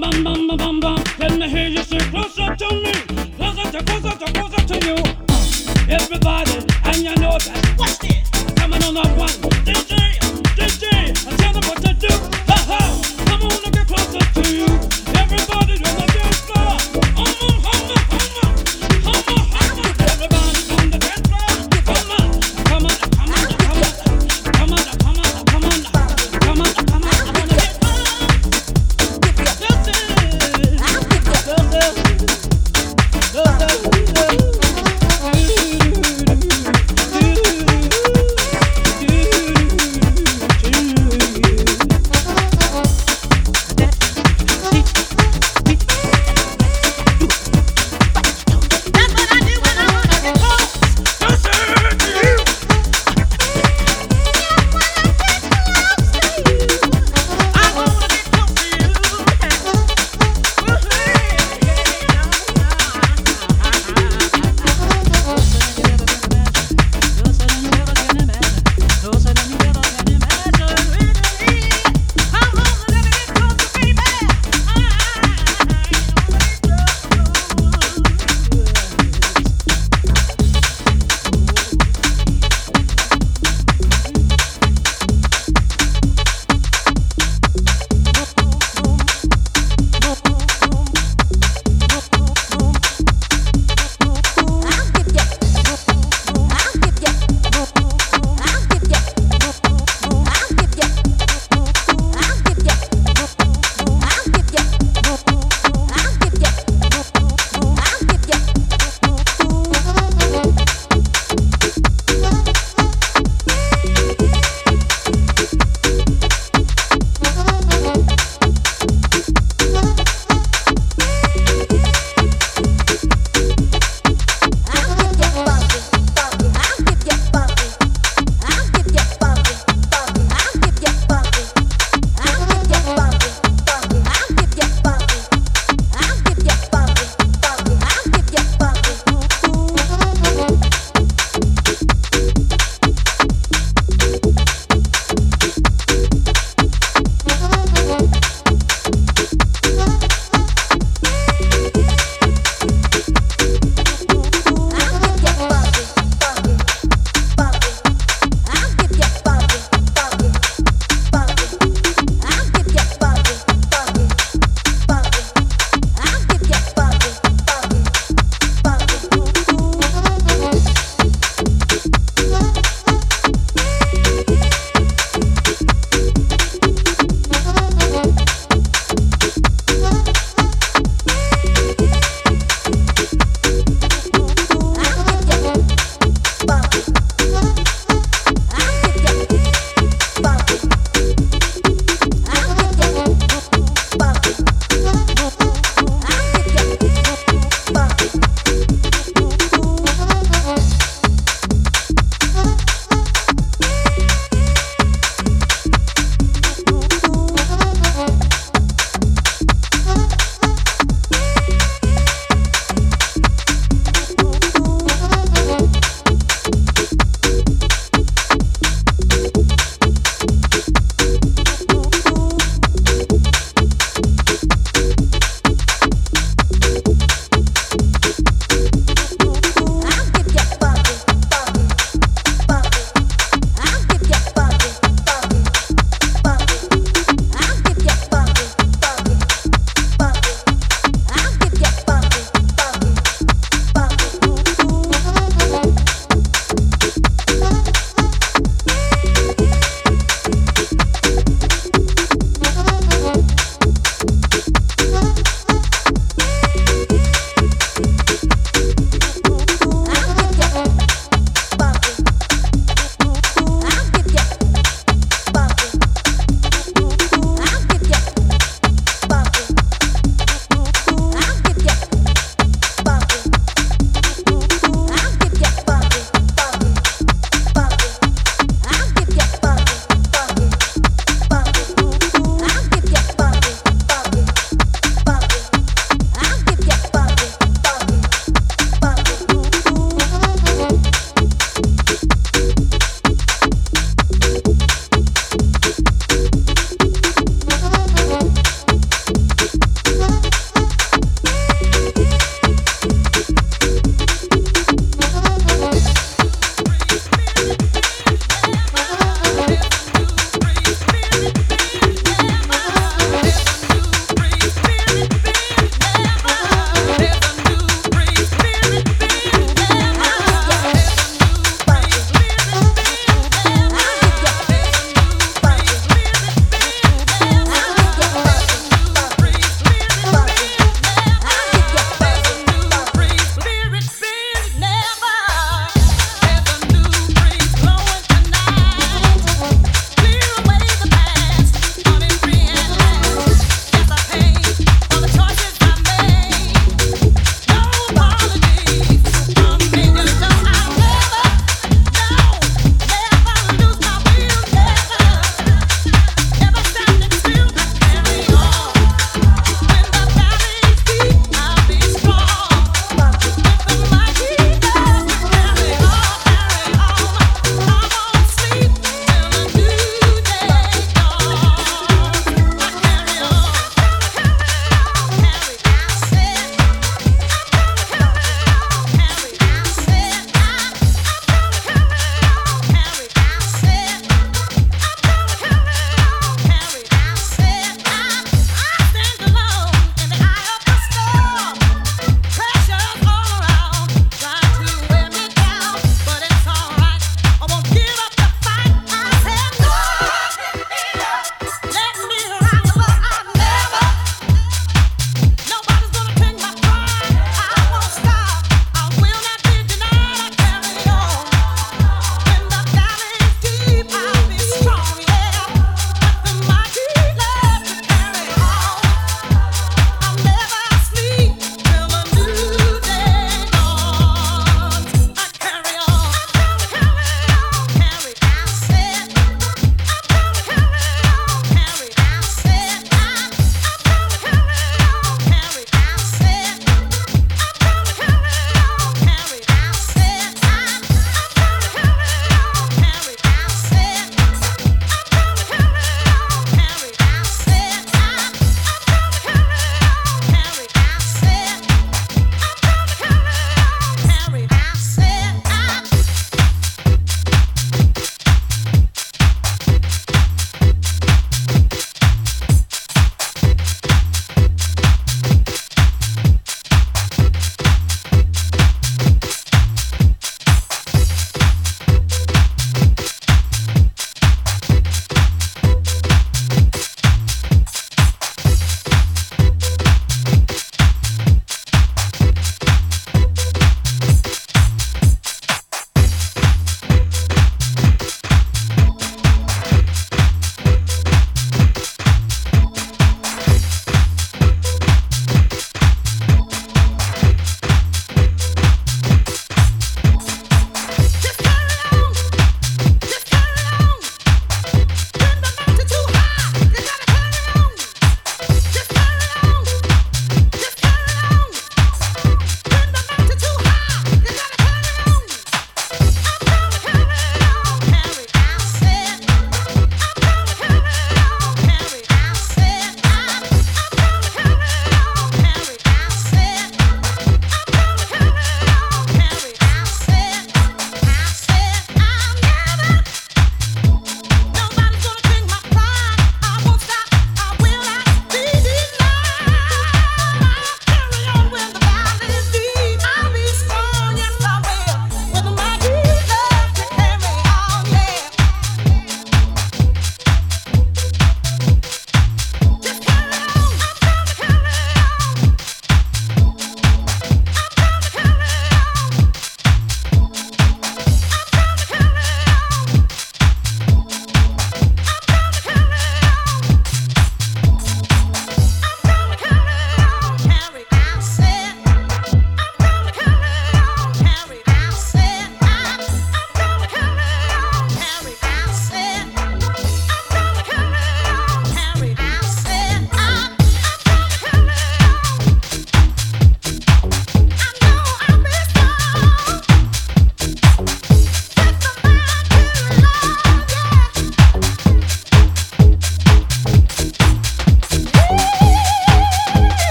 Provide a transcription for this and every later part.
バンバンバン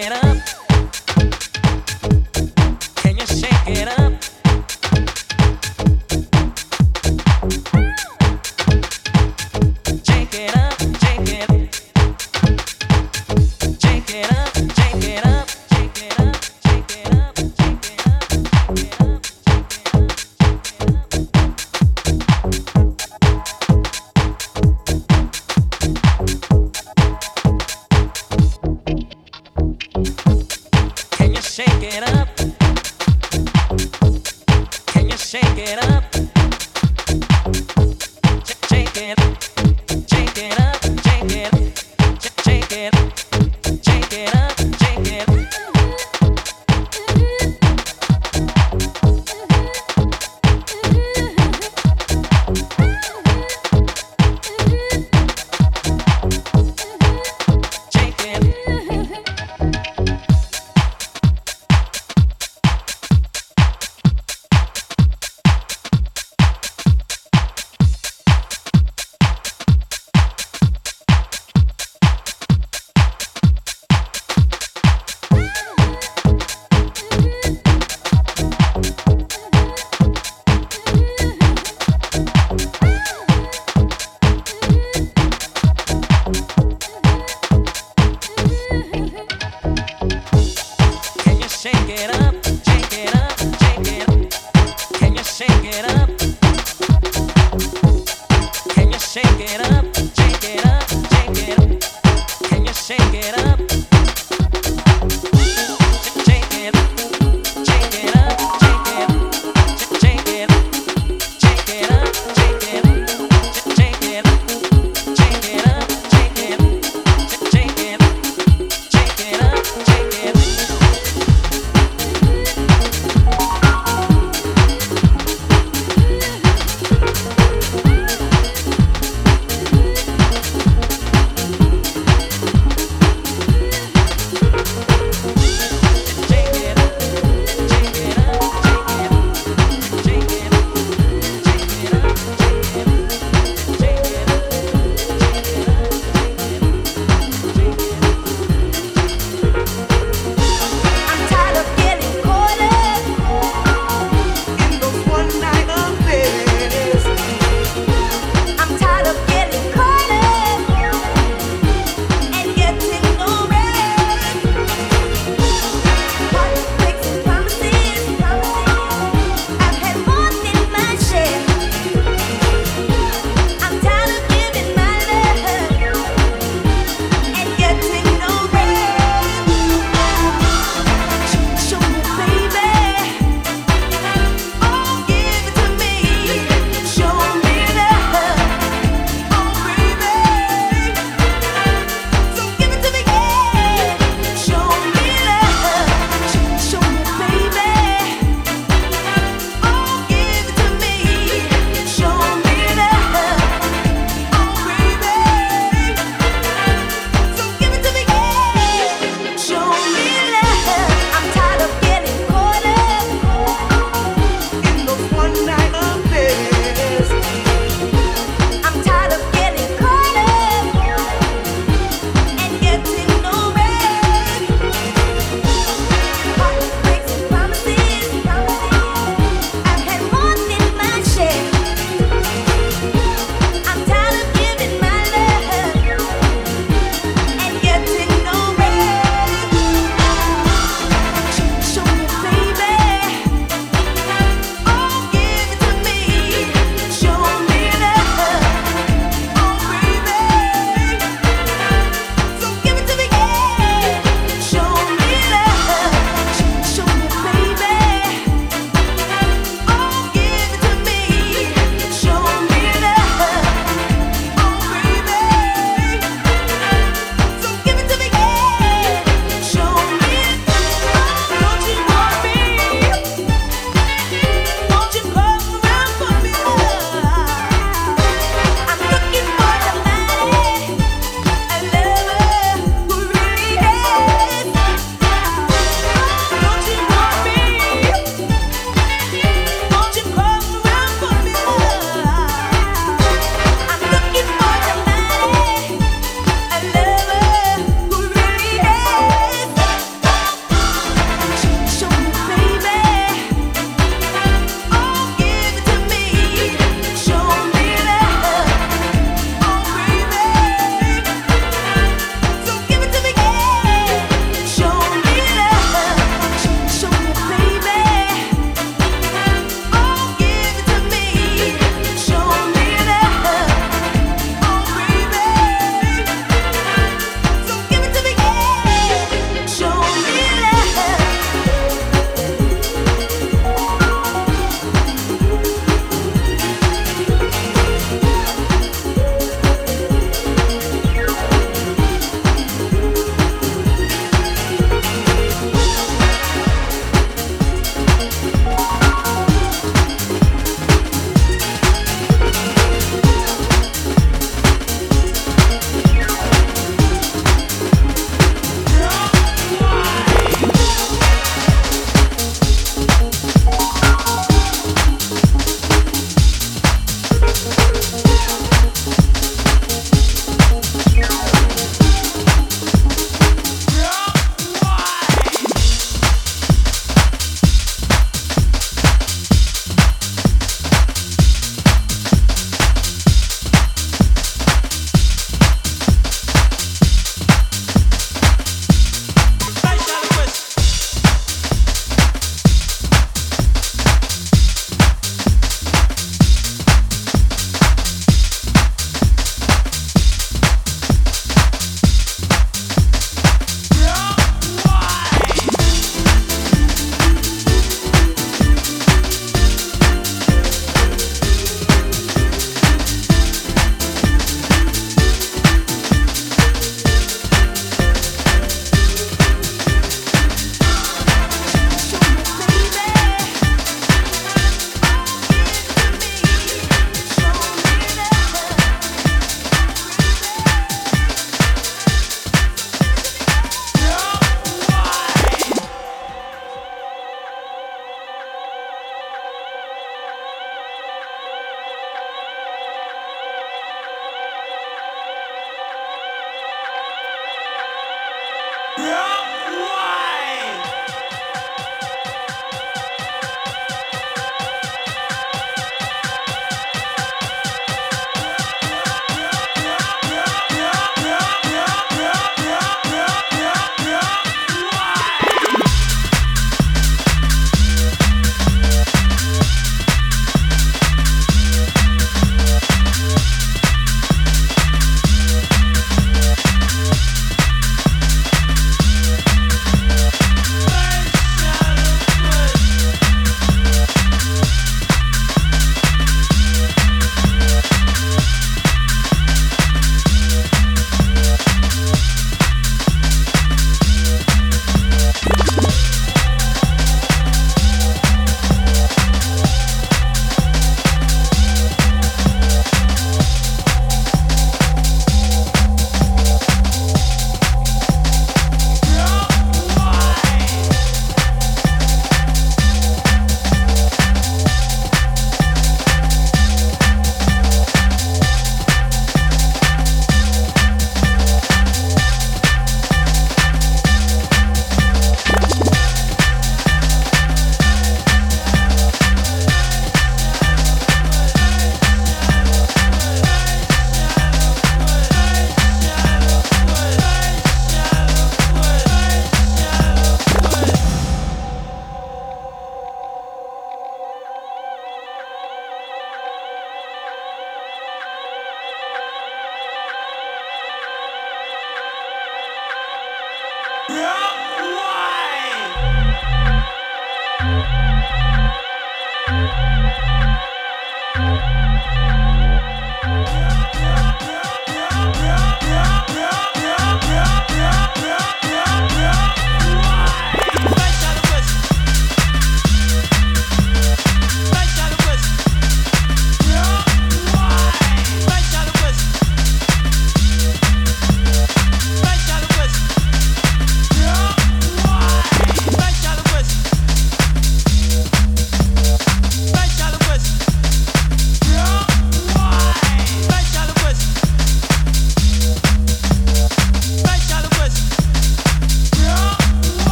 get up.